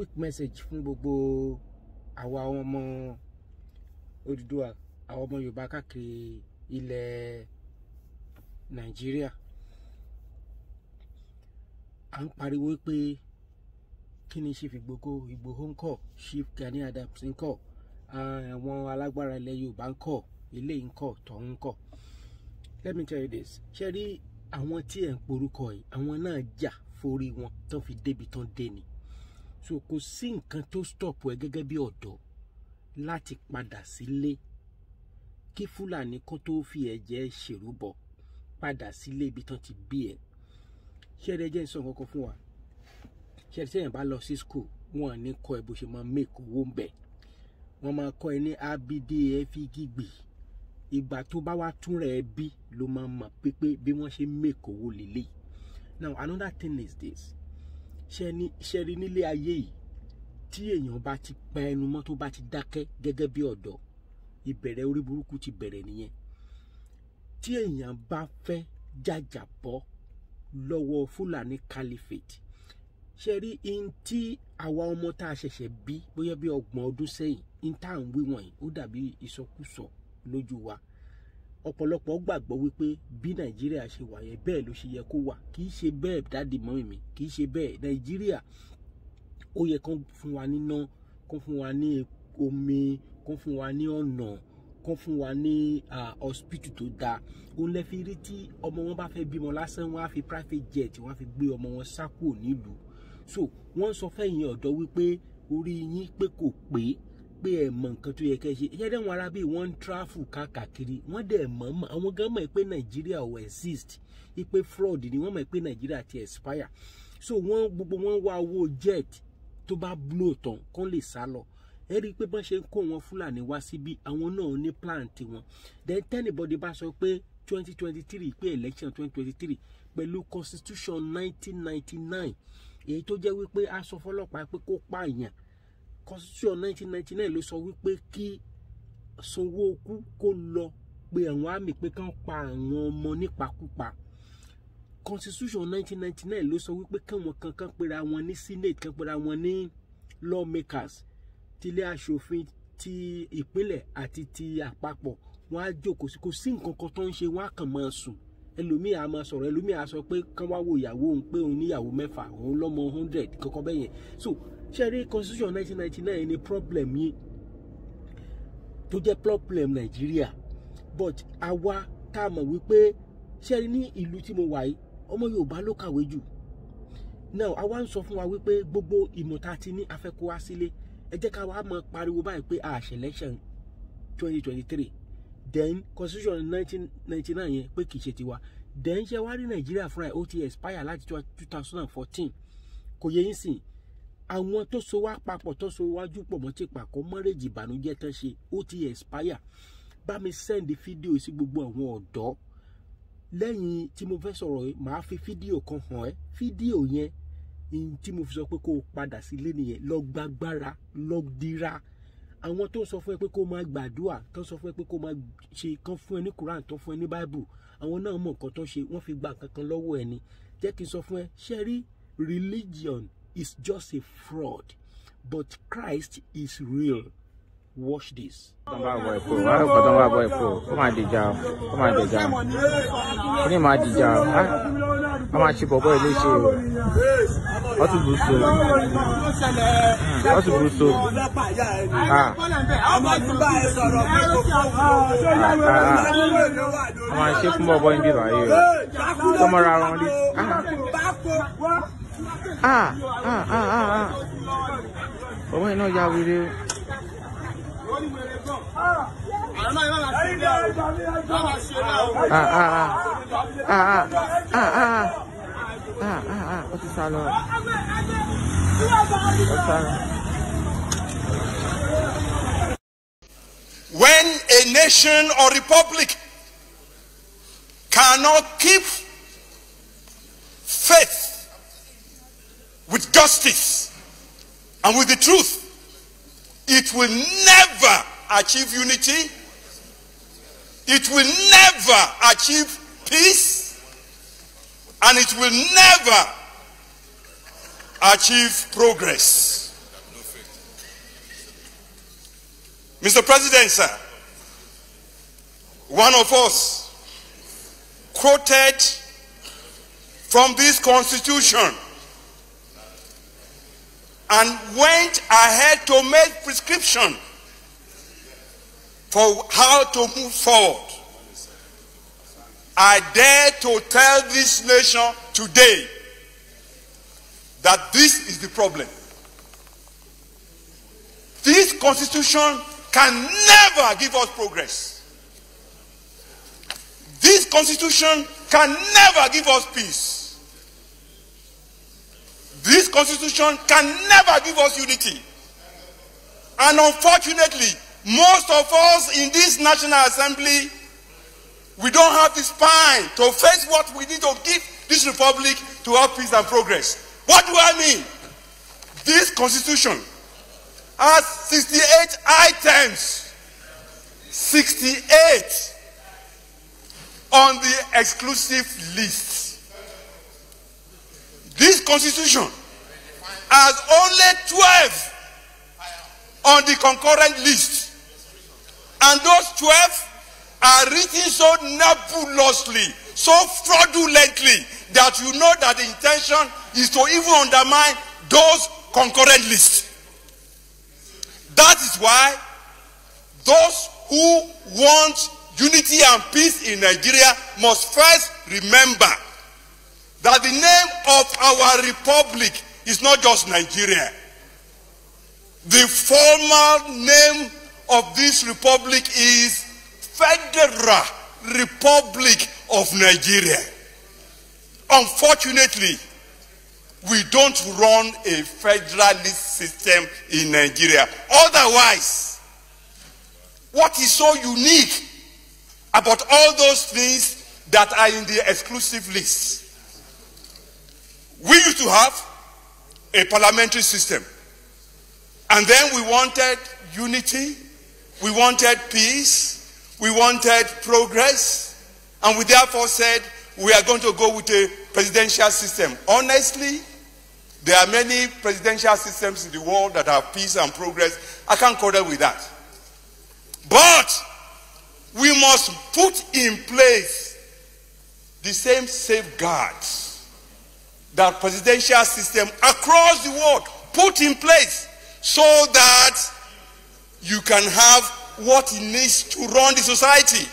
quick message fún gbogbo Awa Omo Odùduwà Awa Omo Yorùbá káàkiri ilẹ̀ Nigeria. à ń pariwo pé kí ni Chief Igboho Igboho ń kọ̀ Chief Gani Adams ń kọ̀ àwọn alágbára ilẹ̀ Yorùbá ń kọ̀ ilé ń kọ̀ tọ̀hún ń kọ̀ let me tell you this ṣe rí àwọn tí ẹ̀ ń porúkọ yìí àwọn náà jà forí wọn tán fi débi tán dé ni so kò sí nǹkan tó stop ẹ gẹ́gẹ́ bí ọ̀dọ́ láti padà sílé kí fúlàní kan tó fi ẹ̀jẹ̀ ṣèrúbọ padà sílé ibi tán ti bí ẹ ṣẹ́ẹ́dẹ́ jẹ́ nsọ kankan fún wa ṣẹ́ẹ́dẹ́ sẹ́yìn bá lọ sí school wọn ní kọ́ ẹ bó ṣe máa make owó ń bẹ̀ wọ́n máa kọ́ ẹ ní abd efi gígbì ìgbà tó bá wá tún rẹ̀ bí ló máa mọ̀ pé pé bí wọ́n ṣe make owó lélẹ̀ now another thing is this ṣe rí nílé ayé yìí tí èèyàn bá ti pa ẹnu mọ́ tó bá ti dákẹ́ gẹ́gẹ́ bí ọ̀dọ́ ìbẹ̀rẹ̀ orí burúkú ti bẹ̀rẹ̀ nìyẹn tí èèyàn bá fẹ́ jàjàbọ́ lọ́wọ́ fúlàní caliphate ṣe rí in tí àwa ọmọ tá a ṣẹ̀ṣẹ̀ bí bóyá bí ọgbọ̀n ọdún sẹ́yìn in tá à ń wí wọ̀nyí ó dàbí ìsọkúsọ lójú wa ọ̀pọ̀lọpọ̀ gbàgbọ́ wípé bí nàìjíríà ṣe wà yẹn bẹ́ẹ̀ ló ṣe yẹ kó wà kì í ṣe bẹ́ẹ̀ dáàdì mọ́mì mi kì í ṣe bẹ́ẹ̀ nàìjíríà ó yẹ kán fún wa níná kán fún wa ní omi kán fún wa ní ọ̀nà kán fún wa ní hospital tó dáa òun lè fi rí tí ọmọ wọn bá fẹ́ bímọ lásán wọn á fi private jet wọn á fi gbé ọmọ wọn sá kúrò nílùú so wọ́n sọ fẹ́yìn ọ̀dọ́ wípé orí yín pé kò pé pé ẹ mọ nǹkan tó yẹ kẹ́ ṣe ẹ̀yẹ́ dẹ́wọ̀n ara bíi wọ́n ń tráfù káàkiri wọ́n dẹ̀ mọ̀ mọ̀ àwọn gan mọ̀ pé nàìjíríà ò exist ipe fraud ni wọ́n mọ̀ pé nàìjíríà ti expire so wọ́n gbogbo wọn wá owó jet tó bá blow tán kán lè sá lọ ẹ rí i pé bọ́n ṣe ń kó wọn fúlàní wá síbí àwọn náà ní plan tiwọn then tẹ́nìbọ̀dì bá sọ pé twenty twenty three pé election twenty twenty three pẹ̀lú constitution nineteen ninety nine èyí tó jẹ́ wípé a sọ fọlọ́pàá pé kó pààyàn constitution nineteen ninety nine ló sọ wípé kí Sanwó-Olú kó lọ pé àwọn àmì pé kán pa àwọn ọmọ nípakúpa constitution nineteen ninety nine ló sọ wípé káwọn kankan pera wọn ní senate kan pera wọn ní lawmakers tilé aṣòfin ti ìpínlẹ̀ àti ti àpapọ̀ wọn á jókòó sí kò sí nǹkan kan tó ń ṣe wọn á kàn máa sùn ẹlòmíì á máa sọ̀rọ̀ ẹlòmíì á sọ pé kán wá wo ìyàwó òun pé òun níyàwó mẹ́fà òun lọ́mọ hundred kankan bẹ́yẹn so ṣẹ́rí constitution nineteen ninety nine ni problem yìí tó jẹ́ problem Nigeria, but àwa tá a mọ̀ wípé ṣẹ́rí ní ìlú tí mo wà yìí ọmọ yorùbá ló kàwé jù now àwa ń sọ fún wa wípé gbogbo ìmọ̀ tá a ti ní afẹ́kọ́ wá sílé ẹ jẹ́ ká wàá mọ̀ pariwo báyìí pé a ṣe election twenty twenty three then constitution nineteen ninety nine yẹn pé kì í ṣe tiwa then ṣe wá rí nàìjíríà fúnra ẹ̀ ó ti expire láti two thousand and fourteen kò yẹ yín sìn àwọn tó so wá papọ̀ tó so wájú pọ̀ mọ́ ti pàkọ́ mọ́rẹ́jì ìbànújẹ́ tán ṣe ó ti expire bá mi send fídíò sí gbogbo àwọn ọ̀dọ́ lẹ́yìn tí mo fẹ́ sọ̀rọ̀ yìí màá fi fídíò kan hàn ẹ́ fídíò yẹn tí mo fi sọ pé kó o padà sílé nìyẹn lọ gbàgbára lọ dira àwọn tó sọ fún ẹ pé kó máa gbàdúà tó sọ fún ẹ pé kó máa ṣe kan fún ẹ ní Quran tó fún ẹ ní Bible àwọn náà mọ̀ nǹkan tó ṣe wọ́n fi gba nǹkan kan lọ́wọ́ ẹ ni jẹ́ kí n sọ fún ẹ ṣe rí religion is just a fraud, but Christ is real. Watch this. wọ́n máa ṣe bọ̀bọ̀ ilé ṣe o wọ́n tún bú so wọ́n tún bú so wọ́n máa ṣe fún bọ̀bọ̀ ibi báyìí o tó mọ́ra wọn rí. Ah, ah, ah, ah, ah. But wait, no, y'all, we do. Ah, ah, ah, ah, ah, ah, ah. Ah, ah, ah, ah, ah. When a nation or republic cannot keep justice and with the truth, it will never achieve unity. It will never achieve peace. And it will never achieve progress. Mr. President, sir, one of us quoted from this constitution and went ahead to make prescription for how to move forward. I dare to tell this nation today that this is the problem. This constitution can never give us progress. This constitution can never give us peace. This constitution can never give us unity. And unfortunately, most of us in this National Assembly, we don't have the spine to face what we need to give this republic to have peace and progress. What do I mean? This constitution has 68 items. 68 on the exclusive list. constitution has only 12 on the concurrent list. And those 12 are written so nebulously, so fraudulently, that you know that the intention is to even undermine those concurrent lists. That is why those who want unity and peace in Nigeria must first remember that the name of our republic is not just Nigeria. The formal name of this republic is Federal Republic of Nigeria. Unfortunately, we don't run a federalist system in Nigeria. Otherwise, what is so unique about all those things that are in the exclusive list? We used to have a parliamentary system. And then we wanted unity, we wanted peace, we wanted progress, and we therefore said we are going to go with a presidential system. Honestly, there are many presidential systems in the world that have peace and progress. I can't quarrel with that. But we must put in place the same safeguards that presidential system across the world put in place so that you can have what it needs to run the society.